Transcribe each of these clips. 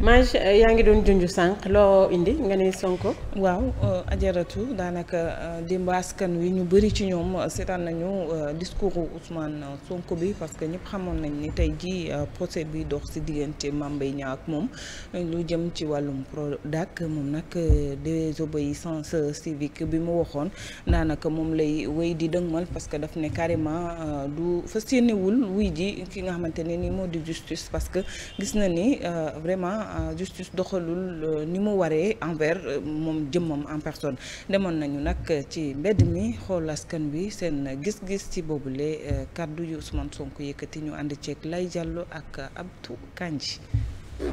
Maj yaa ngi doon junju sànq loo indi nga ne Sonko. waaw euh, ajaratu daanaka euh, démb askan wi ñu bëri ci ñoom euh, seetaan nañu discours Ousmane sonk bi parce que ñëpp xamoon nañ ni tey jii procès bi dox si diggante Mame Mbaye Niang ak moom lu jëm ci wàllum Prodac moom nag désobéissance civique bi mu waxoon daanaka moom lay wéy di dëngmal parce que daf ne carrément du fas yéenewul wuy ji ki nga xamante ne ni moo di justice parce que gis na ni vraiment. Euh, justice doxalul euh, ni mu waree envers euh, moom jëmmam en personne demoon nañu nag ci mbedd mi xool askan wi seen gis-gis ci boobule kàddu yu Ousmane Sonko yëkkati ñu ànd ceeg lay jàllo ak Abdou Kandji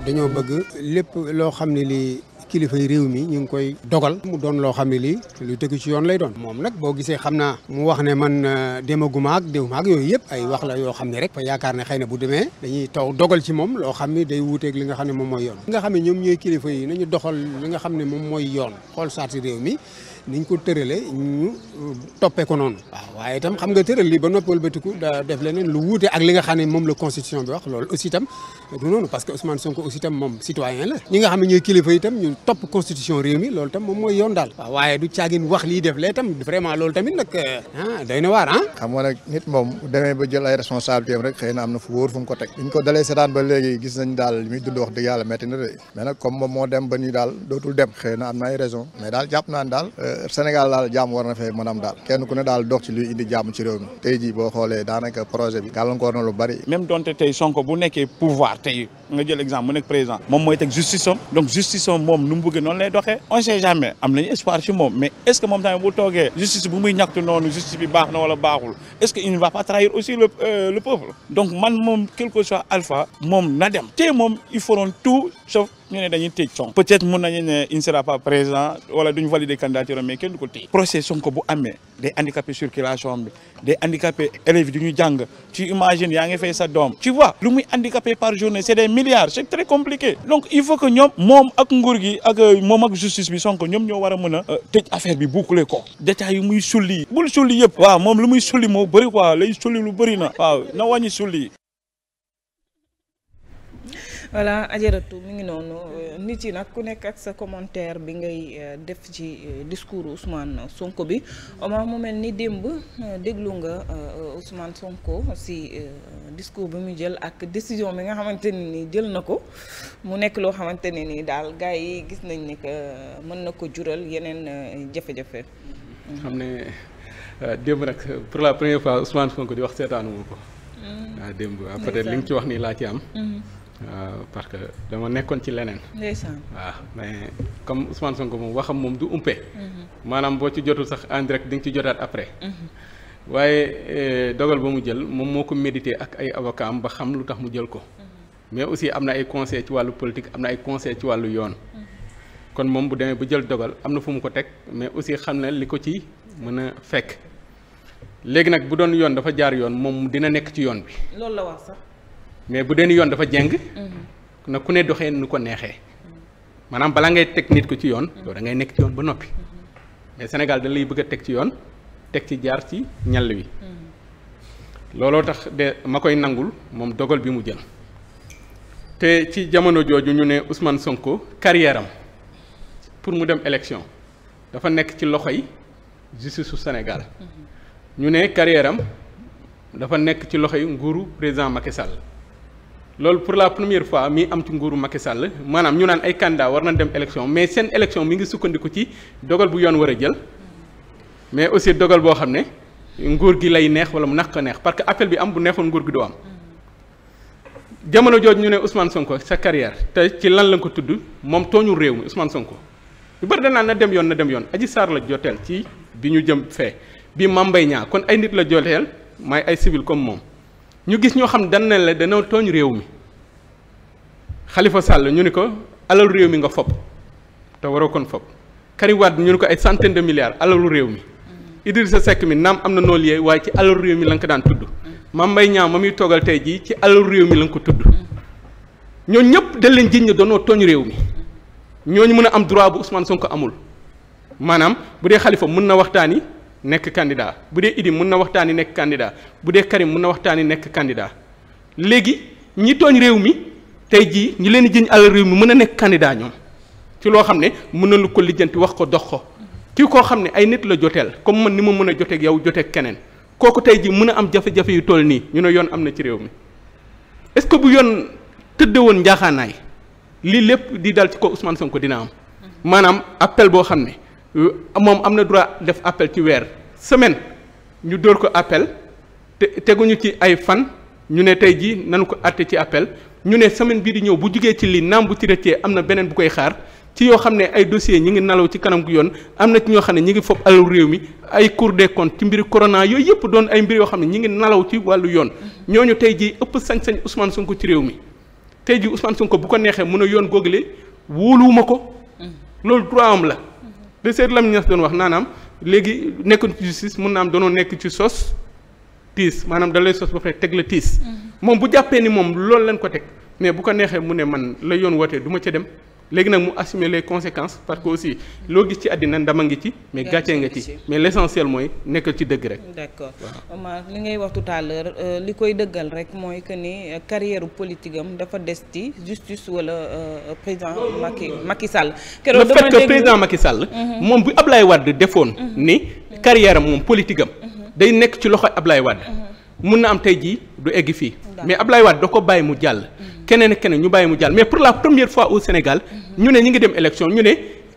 dañoo bëgg lépp loo xam ne lii kilifa yi réew mi ñu ngi koy dogal mu doon loo xam ne lii lu tegu ci yoon lay doon moom nag boo gisee xam naa mu wax ne man euh, demaguma ak déwuma ak yooyu yëpp ay wax la yoo xam ne rek fa yaakaar ne xëy na bu demee dañuy taw dogal ci moom loo xam ne day wuuteeg li nga xam ne moom mooy yoon li nga xam ne ñoom ñooy kilifa yi nañu doxal li nga xam ne moom mooy yoon xool saati réew mi niñ ko tëralee ñu euh, toppee ko noonu. waaw waaye itam xam nga tëral lii ba noppi wëlbatiku daa def leneen lu wuute ak li nga xam ne moom la constitution bi wax loolu aussi itam du noonu que Ousmane Sonko aussi itam moom citoyen la. ñi nga xam ne ñooy kilifa itam ñu topp constitution réew mi loolu itam moom mooy yoon daal. waaw waaye du caagin wax lii def lee itam vraiment loolu tamit nag euh, ah day na waar ah. xam nga nit moom demee ba jël ay am rek xëy na am na fu wóor fu mu ko teg. bi ñu ko dalee seetaan moom moo dem ba nii daal dootul dem xëy na am Sénégal daal jàmm war fee mën daal kenn ku daal dox ci indi jàmm ci réew mi tey jii boo xoolee daanaka projet bi gàllankoor na lu bari. même donte tey Sonko bu nekkee pouvoir tey nga jël exemple moom mooy teg justice am donc justice am moom nu mu bëgg noonu lay on sait jamais am nañu espoir ci moom mais est ce que moom tamit bu toogee justice bu muy ñàkk noonu justice bi baax na wala baaxul est ce que il ne va pas trahir aussi le euh, peuple donc ñu ne dañuy tëj Sonko peut-être mun nañu ne il ne sera pas présent wala duñ valider candidature mais kenn du ko tëj procès Sonko bu amee day handicapé circulation bi day handicapé élèves du ñu jàng tu imagines yaa ngi fay sa doom tu vois lu muy handicapé par journée c'est des milliards c'est très compliqué donc il faut que ñoom moom ak nguur gi ak euh, moom ak justice bi Sonko ñoom ñoo war a mën a euh, tëj affaire bi boucler ko détails yu muy sulli bul sulli yëpp waaw moom lu muy sulli moo bëri quoi lay sulli lu bëri na waaw na wàññi sulli voilà ajaratu mi ngi noonu euh, nit yi nag ku nekk ak sa commentaire bi ngay euh, def ci euh, discours Ousmane Sonko bi Omar mu mel ni démb déglu nga Ousmane Sonko si discours bi mu jël ak décision bi nga xamante ne ni jël na ko mu nekk loo xamante ne ni daal gars yi gis nañ ni que mën na ko jural yeneen jafe-jafe. xam ne démb nag pour la première fois Ousmane Sonko di wax seetaanu ko. Mm. waaw démb peut-être li nga ci wax nii laa ci am. Mm-hmm. waaw euh, parce que dama nekkoon ci leneen. waaw ah, mais comme Ousmane Sonko moom waxam moom du umpe. Mhm. maanaam boo ci jotul sax en direct ci jotaat après. Mhm. waaye eh, dogal ba mu jël moom moo ko médité ak ay avocat ba xam lu tax mu jël ko. Mhm. mais aussi am na ay conseil ci wàllu politique am na ay conseil ci wàllu yoon. kon moom bu demee bu jël dogal am na fu mu ko teg mais aussi xam na li ko ci mën a fekk. léegi nag bu doon yoon dafa jaar yoon moom dina nekk ci yoon bi. la wax sax. mais bu dee ni yoon dafa jeng. Mm-hmm. na ku ne doxee nu ko neexee. Mm-hmm. maanaam balaa ngay teg nit ko ci yoon. yow mm-hmm. da ngay nekk ci yoon ba noppi. mais Sénégal da lay bëgg a teg ci yoon teg ci jaar ci ñal wi. looloo tax de ma koy nangul moom dogal bi mu jël. te ci jamono jooju ñu ne Ousmane Sonko carrière pour mu dem élection dafa nekk ci loxo yi justice su Sénégal ñu ne carrière dafa nekk ci loxo yi nguuru président Macky Sall. loolu pour la première fois mi am ci nguuru Macky Sall maanaam ñu naan ay kandaa war nañ dem élection mais seen élection mi ngi sukkandiku ci dogal bu yoon war a jël mais aussi dogal boo xam ne nguur gi lay neex wala mu nax ko neex parce que appel bi am bu neexoon nguur gi doo am jamono jooju ñu ne Ousmane Sonko sa carrière te ci lan la ko tudd moom tooñul réew mi Ousmane Sonko ñu bari danaan na dem yoon na dem yoon aji saar la joteel ci bi ñu jëm fee bi Mame Mbaye Niang kon ay nit la joteel may ay civil comme moom. ñu gis ñoo xam ne dañ ne la dana tooñ réew mi Khalifa Sall ñu ni ko alalu réew mi nga fopp te waroo kon fopp Karim Wade ñu ni ko ay centaine de milliards alalu réew mi sa Seck mi naam am na nool yee waaye ci alalu réew mi la nga ko daan tudd Mame Mbaye Niang ma muy toogal tey jii ci alalu réew mi la nga ko tudd ñooñu ñëpp dañ leen jiñ ne doonoo tooñ réew mi ñooñu mën a am droit bu Ousmane ko amul maanaam bu dee Khalifa mën na waxtaani nekk candidat bu dee Idy mën na waxtaani nekk candidat bu dee Karim mun na waxtaani nekk candidat léegi ñi tooñ réew mi tey jii ñi leen di jëñ alal réew mi mën a nekk candidat ñoom ci loo xam ne mën na lu ko lijjanti wax ko dox ko kii koo xam ne ay nit la joteel comme man ni ma mën a joteeg yow joteeg keneen kooku tey ji mën a am jafe-jafe yu toll nii ñu ne yoon am na ci réew mi est-ce que bu yoon tëdde woon njaaxaanaay lii lépp di dal ci ko Ousmane ko dina am maanaam appel boo xam ne Euh, moom am na droit def appel ci weer semaine ñu dóor ko appel te teguñu ci ay fan ñu ne tey jii nanu ko àtte ci appel ñu ne semaine bii di ñëw bu jugee ci lii naam bu ci rëccee am na beneen bu koy xaar ci yoo xam ne ay dossiers ñi ngi nalaw ci kanam gu yoon am na ci ñoo xam ne ñi ngi fob alalu réew mi ay cour des comptes ci mbiri corona yooyu yëpp doon ay mbir yoo xam ne ñi ngi nalaw ci wàllu yoon ñooñu tey jii ëpp sañ-sañ Ousmane Sonko ci réew mi tey jii Ousmane Sonko bu ko neexee mën a yoon googale wóoluwuma ko mm. loolu droit am la li Seydou Lamine Niass doon wax naanaam léegi nekkuñ ci justice mun na am danoo nekk ci sos tiis maanaam da lay sos ba pare teg la tiis mm-hmm. moom bu jàppee ni moom loolu lañ ko teg mais bu ko neexee mu ne man la yoon wootee du ma ca dem léegi nag mu assumer les conséquences parce que aussi loo gis ci àddina ndama ngi ci mais gàccee nga ci mais l'essentiel mooy nekkal ci dëgg rek d'accord Omar li ngay wax tout à l'heure euh, li koy dëggal rek mooy que ni euh, carrière politique am dafa des ci justice wala euh, président Macky maki Sall le fait que président Macky Sall mhm. moom bu Ablaye Wade defoon mhm. ni carrière moom politique am mhm. day nekk ci loxo Ablaye Wade mun na am tey jii du egg fii mais Ablaye Wade da ko bàyyi mu jàll keneen ak keneen ñu bàyyi mu jàll mais pour la première fois au Sénégal ñu ne ñi ngi dem élection ñu ne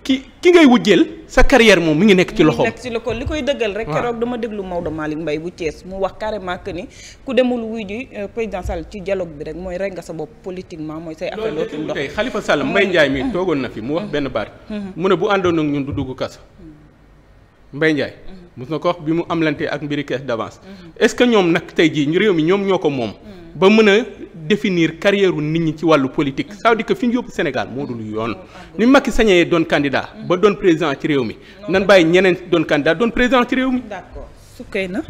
ki ki ngay wujjeel sa carrière moom mi ngi nekk ci loxoom. nekk ci li koy dëggal rek. keroog dama déglu Maodo Malick mbay bu Thiès mu wax carrément que ni ku demul wuy ji euh, président Sall ci dialogue bi rek mooy rek nga sa bopp politiquement mooy say affaire dootul ndox. tey Khalifa Sall Mbaye Ndiaye mi toogoon na fi mu wax benn baat. Mm-hmm. mu ne bu àndoon ak ñun du dugg kaso mm-hmm. Mbaye Ndiaye. Mm-hmm. mos ko bi mu amlantee ak mbiri caisse d'avance est-ce que ñoom nag tey jii ñu réew mi ñoom ñoo ko moom ba mën a définir carrière nit ñi ci wàllu politique ça veut fi ñu yóbbu Sénégal moo dul yoon ni Macky sañee doon candidat ba doon président ci réew mi nan bàyyi ñeneen doon candidat doon président ci réew mi d'accord sukkay na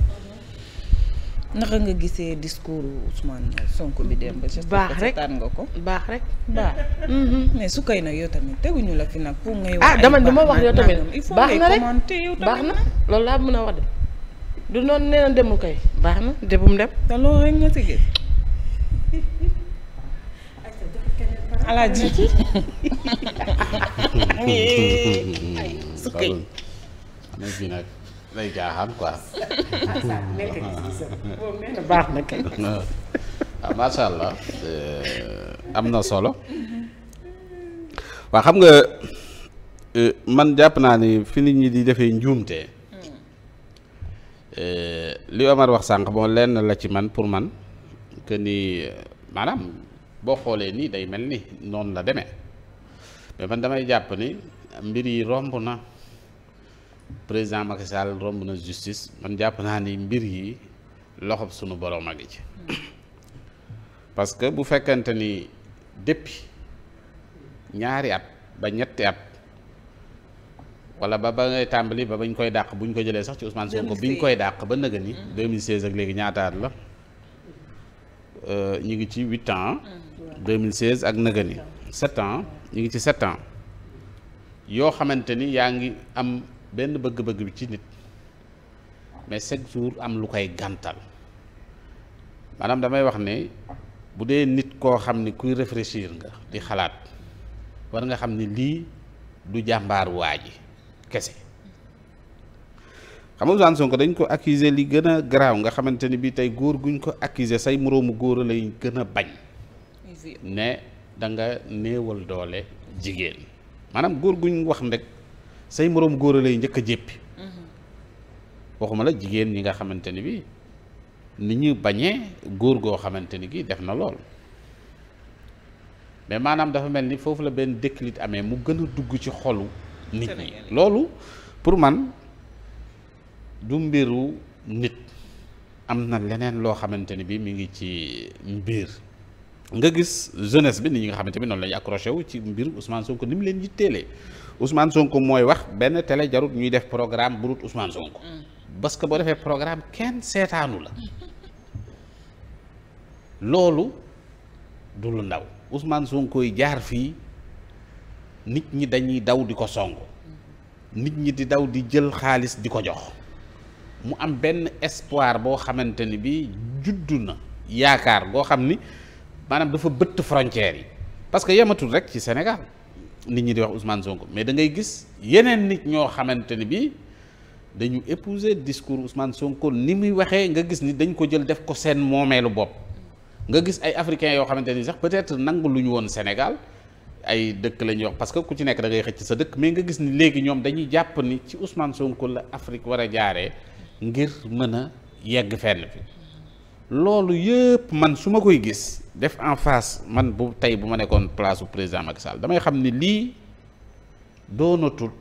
naka nga gisee discours Ousmane Sonko bi dem ba. baax rek seetaan nga ko. baax rek baax. Mhm. mais su koy nag yow tamit teguñu la fi nag pour ngay. Ah, wax ah dama dama wax yow tamit baax na rek baax na loolu laa mën a wax de. du noonu nee na kay baax na de bu mu dem. loolu rek nga si gis. alaaji. su koy. day jaaxaan quoi. baax na kay. allah am na solo. waa xam nga man jàpp naa ni fi nit ñi di defee njuumte. li Omar wax sànq bon lenn la ci man pour man que ni maanaam boo xoolee nii day mel ni noonu la demee mais man damay jàpp ni mbir yi romb na. président Macky Sall romb na justice man jàpp naa ni mbir yi loxob sunu borom a ngi ci parce que bu fekkente ni depuis ñaari at ba ñetti at wala ba ba ngay tàmbali ba bañ koy dàq buñ ko jëlee sax ci Ousmane Sonko biñ koy dàq ba nëga ni 2016 mm. ak léegi ñaata at la euh, ñu ngi ci huit ans 2016 mm. ak nëga ni sept ans ñu ngi ci sept ans yoo xamante ni yaa ngi am benn bëgg-bëgg bi ci nit mais chaque jour am lu koy gàntal maanaam damay wax ne bu dee nit koo xam ni kuy réfléchir nga di xalaat war nga xam ni lii du jàmbaar waa ji kese xam nga Ousmane Sonko dañ ko accuser li gën a garaaw nga xamante ni bii tey góor guñ ko accuser say moroomu góor lay gën a bañ ne danga nga néewal doole jigéen maanaam góor guñ wax ndek say moroom góor a lay njëkk a jéppi mm-hmm. waxuma la jigéen ñi nga xamante ni bi ni ñu bañee góor goo xamante ni gi def na lool mais maanaam dafa mel ni foofu la benn déclic amee mu gën a dugg ci xolu nit ñi loolu pour man du mbiru nit am na leneen loo xamante ni bi mi ngi ci mbir nga gis jeunesse bi nit ñi nga xamante bi noonu lañu accroché wu ci mbir Ousmane Sonko ni mu leen yitteelee Ousmane Sonko mooy wax benn télé jarut ñuy def programme bu dul Ousmane Sonko. Mm. parce que boo defee programme kenn seetaanu la loolu du lu ndaw Ousmane Sonko yi jaar fii nit ñi dañuy daw di ko song mm. nit ñi di daw di jël xaalis di ko jox mu am benn espoir boo xamante ni bi juddu na yaakaar goo xam ni maanaam dafa bëtt frontière yi parce que yematul rek ci Sénégal nit ñi di wax Ousmane Sonko mais da ngay gis yeneen nit ñoo xamante ni bii dañu épouser discours Ousmane Sonko ni muy waxee nga gis ni dañ ko jël def ko seen moomeelu bopp nga gis ay africains yoo xamante ni sax peut-être nangu lu ñu woon Sénégal ay dëkk la ñuy wax parce que ku ci nekk da ngay xëcc sa dëkk mais nga gis ni léegi ñoom dañuy jàpp ni ci usman Sonko la Afrique war a jaaree ngir mën a yegg fenn fi loolu yëpp man su ma koy gis def en face man bu tey bu ma nekkoon place bu président Macky Sall damay xam ni lii doonatut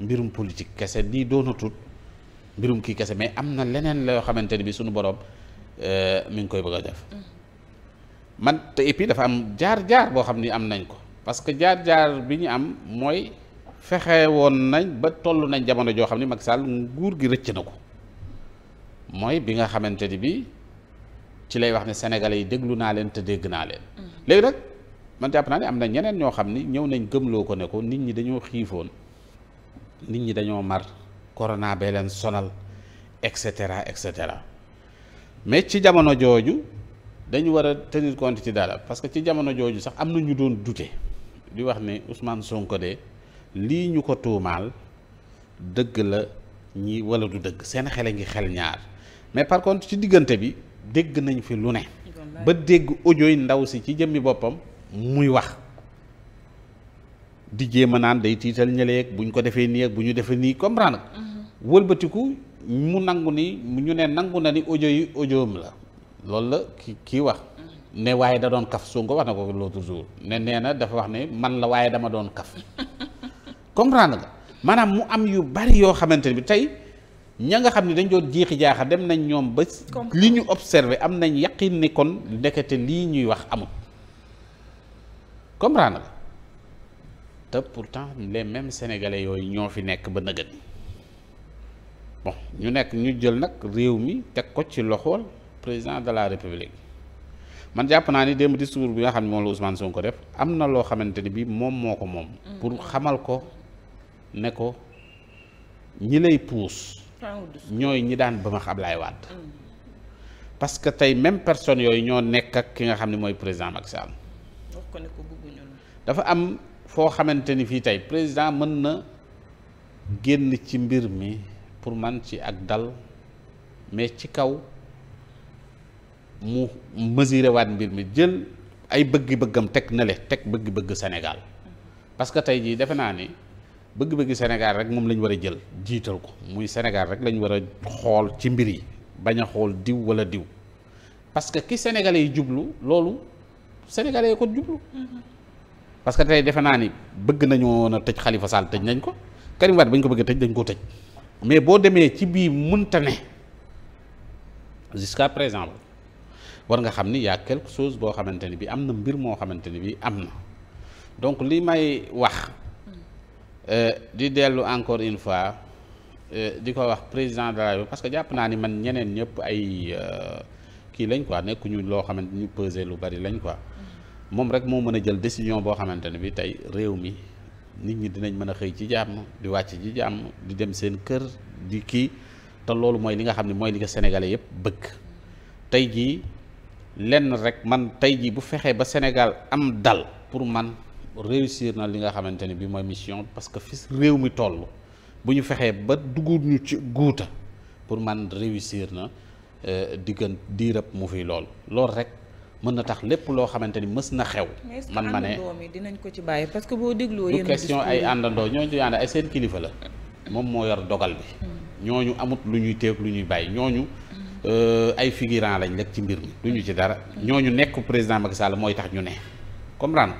mbirum politique kese lii doonatut mbirum kii kese mais am na leneen loo xamante ni bi suñu borom euh, mi ngi koy bëgg a def mm. man te et dafa am jaar-jaar boo xam ni am nañ ko parce que jaar-jaar bi ñu am mooy fexe woon nañ ba toll nañ jamono joo xam ni Macky Sall nguur gi rëcc na ko mooy bi nga xamante bi ci lay wax ne sénégalais yi déglu naa leen te dégg naa leen. léegi nag man jàpp naa ne am na ñeneen ñoo xam ni ñëw nañ gëmloo ko ne ko nit ñi dañoo xiifoon nit ñi dañoo mar corona bee leen sonal et cetera et cetera mais ci jamono jooju dañu war a tenir compte ci dara parce que ci jamono jooju sax am na ñu doon dute di wax ne Ousmane Sonko de lii ñu ko tuumaal dëgg la ñi wala du dëgg seen xel a ngi xel ñaar mais par contre ci diggante bi. dégg nañu fi lu ne ba dégg audio yi ndaw si ci jëmmi boppam muy wax di jéem a naan day tiital ñëleeg bu ñu ko defee nii ak bu ñu defee nii comprendre mhm. wëlbatiku mu nangu ni ñu ne nangu na ni audio yi audio la loolu la ki kii wax mhm. ne waaye da doon kaf Sonko wax na ko l'autre jour ne nee na dafa wax ne man la waaye dama doon kaf comprendre nga maanaam mu am yu bari yoo xamante ne bi tey ña nga xam ne dañ doon jiixi jaaxal dem nañ ñoom ba li ñu observé am nañ yaqin ni kon ndekete lii ñuy wax amut comprendre nga te pourtant les mêmes sénégalais yooyu ñoo fi nekk ba nëgët bon ñu nekk ñu jël nag réew mi teg ko ci loxool président de la république man jàpp naa ni démb discours bi nga xam ne moom la Ousmane ko def am na loo xamante ne bii moom moo ko moom. Mm. pour xamal ko ne ko ñi lay puus. ñooy ñi daan ba ma xam waat Wade parce que tey même personne yooyu ñoo nekk ak ki nga xam ne mooy président Macky Sall dafa am foo xamante ni fii tey président mën na génn ci mbir mi pour man ci ak dal mais ci kaw mu mesure waat mbir mi jël ay bëgg-bëggam teg nale teg bëgg-bëgg Sénégal parce tey jii defe naa ni bëgg-bëgg Sénégal rek moom la ñu war a jël jiital ko muy Sénégal rek la ñu war a xool ci mbir yi bañ a xool diw wala diw parce que ki sénégalais yi jublu loolu sénégalais yi ko jublu. Mm-hmm. parce que tey defe naa ni bëgg nañoo na tëj xalifa Sall tëj nañ ko Karim Wade bañ ko bëgg a tëj dañ koo tëj mais boo demee ci biir bii mënta ne jusqu'à présent war nga xam ni y a quelque chose boo xamante ni bi am na mbir moo xamante ni bi am na donc li may wax. Euh, di dellu encore une fois euh, di ko wax président de parce que jàpp naa ni man ñeneen ñëpp ay euh, kii lañ quoi nekkuñu loo xamante ñu peser lu bari lañ quoi moom rek moo mën a jël décision boo xamante ne bi tey réew mi nit ñi dinañ mën a xëy ci jàmm di wàcc ci jàmm di dem seen kër di kii te loolu mooy li nga xam ne mooy li nga sénégalais yëpp bëgg tey jii lenn rek man tey jii bu fexee ba Sénégal am dal pour man réussir na li nga xamante ni bi mooy mission parce que fis réew mi toll bu ñu fexee ba dugg ñu ci guuta pour man réussir na euh, diggan diirëb mu fi lool loolu rek mën na tax lépp loo xamante ni mës na xew. man ma ne dinañ ko ci bàyyi parce que boo dégloo yéen question ay àndandoo ñooñu di ànd ay seen kilifa la moom moo yor dogal bi. Hmm. ñooñu amut lu ñuy teeg lu ñuy bàyyi ñooñu. Hmm. Euh, ay figurant lañ rek ci mbir mi. lu ñu ci dara. Hmm. ñooñu nekk président Macky Sall mooy tax ñu ne comprendre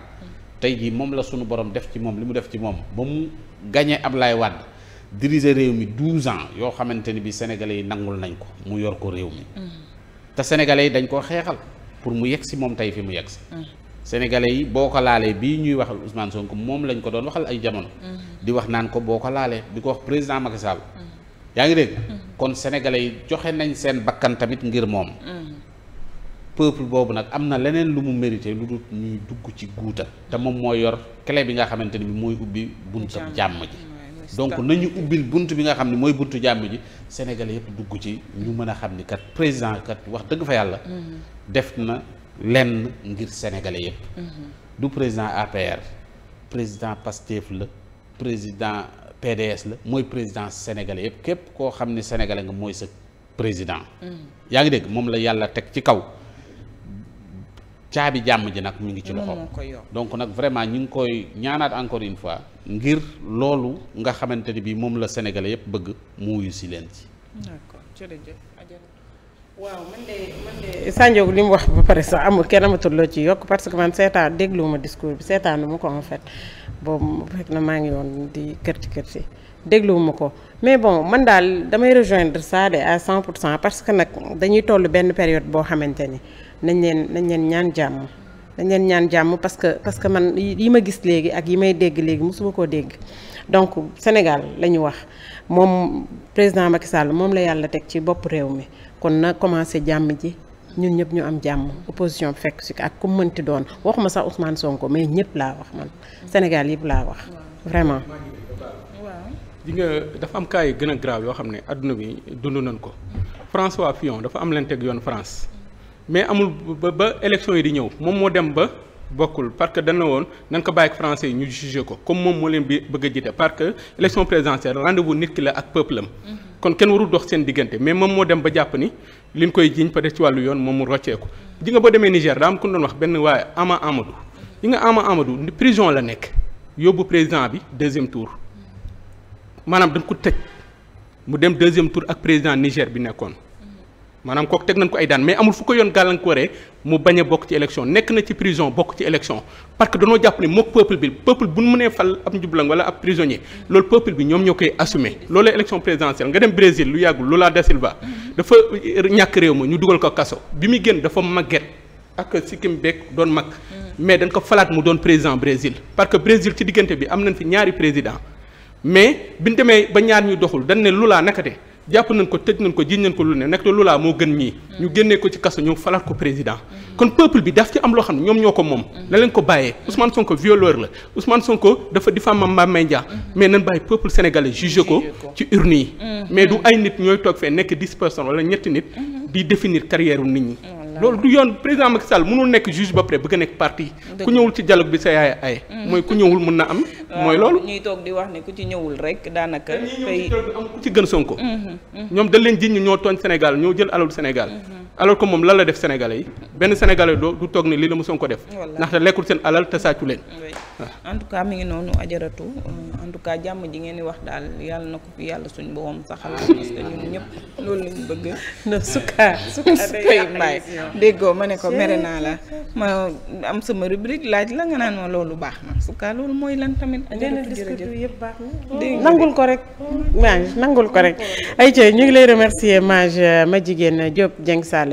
tey jii moom la sunu borom def ci moom li mu def ci moom ba mu gañee lay Wade diriger réew mi 12 ans yoo xamante ni bi sénégalais yi nangul nañ ko mu yor ko réew mi te sénégalais yi dañ koo xeexal pour mu yegg si moom tey fi mu yegg si mm. sénégalais yi boo ko laalee bii ñuy waxal Ousmane Sonko moom lañ ko doon waxal ay jamono mm. di wax naan ko boo ko laalee di ko wax président Macky Sall mm. yaa ngi dégg kon sénégalais yi joxe nañ seen bakkan tamit ngir moom peuple boobu nag am na leneen lu mu mérité lu dul ñuy dugg ci guuta te moom mooy yor clé bi nga xamante ni bi mooy ubbi buntu jàmm ji donc nañu ubbil bunt bi nga xam ne mooy buntu jàmm ji sénégale yëpp dugg ci ñu mën a xam ni kat président kat wax dëgg fa yàlla mhm. def na lenn ngir sénégalais yëpp mhm. du président APR président PASTEF la président PDS la mooy président sénégalais yëpp képp koo xam ni sénégalais nga mooy sa président mhm. yaa ngi dégg moom la yàlla teg ci kaw caabi jàmm ji nag mu ngi ci loxoom donc nag vraiment ñu ngi koy ñaanaat encore une fois ngir loolu nga xamante ni bi moom la sénégalais yépp bëgg mu wuyu si leen ci d'accord jërëjëf waaw man li mu wax ba pare sax amul kenn amatul loo ci yokk parce que man seetaan dégluwuma discours bi seetaanu ma ko en fait boobu fekk na maa ngi woon di kër ci kër ci dégluwuma ko mais bon man daal damay rejoindre ça de à 100 pour cent parce que nag dañuy toll benn période boo xamante ni nañ leen nañ leen ñaan jàmm dañ leen ñaan jàmm parce que parce que man yi ma gis léegi ak yi may dégg léegi mosuma koo dégg donc Sénégal la wax moom président Macky Sall moom la yàlla teg ci bopp réew mi kon na commencé jàmm ji ñun ñëpp ñu am jàmm opposition fekk si ak ku mënti doon waxuma sax Ousmane Sonko mais ñëpp laa wax man Sénégal yëpp laa wax vraiment. di nga dafa am cas yu gën a grave yoo xam ne adduna bi dund nañ ko france François Fillon dafa am leen teg yoon France. mais amul ba ba élection yi di ñëw moom moo dem ba bokkul parce que dana woon na ko bàyyi ak français yi ñu jugé ko comme moom moo leen bi bëgg a jiite parce que élection présidentielle rendez-vous nit ki la ak peuple mm-hmm. kon kenn warul dox seen diggante mais moom moo dem ba jàpp ni li ñu koy jiiñ peut-être ci wàllu yoon moom mu rocceeku. Mm-hmm. ji nga boo demee Niger daa am ku ñu doon wax benn waaye Ama Amadou yi mm-hmm. nga Ama Amadou prison la nekk yóbbu président bi deuxième tour maanaam dañ ko tëj mu dem deuxième tour ak président Niger bi nekkoon. maanaam kook teg nañ ko ay daan mais amul fu ko yoon gàllankooree mu bañ a bokk ci élection nekk na ci prison bokk ci élection parce que dañoo jàpp ne mook peuple bi peuple bu ñu mënee fal ab njublang wala ab prisonnier loolu peuple bi ñoom ñoo koy assumer loolu élection présidentielle nga dem Brésil lu yàggul Lula da Silva dafa ñàkk réew ma ñu dugal ko kaso bi mu génn dafa màgget ak sikkim beeg doon mag mais dañ ko falaat mu doon président Brésil parce que Brésil ci diggante bi am nañ fi ñaari président mais biñ demee ba ñaar ñuy doxul dañ ne Lula nakate jàpp nañ ko tëj nañ ko jiñ nañ ko lu ne nekk lu laa moo gën ñii mm. ñu génnee ko ci kaso ñoo falaat ko président mm. kon peuple bi daf ci am loo xam ne ñoom ñoo ko moom mm. na leen ko bàyyee Ousmane Sonko violeur la son ko dafa diffamé Mame Mbaye Niang mais nañ bàyyi peuple sénégalais jugé ko ci urne yi mais du ay nit ñooy toog fee nekk dix personnes ñetti nit di définir carrière nit ñi loolu du yoon président Macky Sall mënul nekk juge ba pare bëgg a nekk parti. ku ñëwul ci dialogue bi sa yaay ay. Mm. mooy ku ñëwul mën na am. mooy loolu ñuy toog di wax ne ku ci ñëwul rek daanaka. tey ci gën Sonko. Mm-hmm, mm-hmm. ñoom dañ leen jiñ ñu ñoo tooñ Sénégal ñoo jël alalu Sénégal. Mm-hmm. alors que moom lan la def Sénégalais yi benn Sénégalais doo du toog ni lii la mu Sonko def. ndaxte lekkul seen alal te sàccu leen. en tout cas mi ngi noonu ajaratu euh, en tout cas jàmm ji ngeen di wax daal yàlla na ko fi yàlla suñ boppam saxal parce que ñun ñëpp loolu lañ bëgg na sukaa sukaa mbaay déggoo ma ne ko mere naa la ma am sama rubrique laaj la nga naan ma loolu baax na sukaa loolu mooy lan tamit ajaratu jërëjëf yëpp baax nangul ko rek oh, maa nangul ko rek ay ñu ngi lay remercier mage ma jigéen Diop Dieng Sall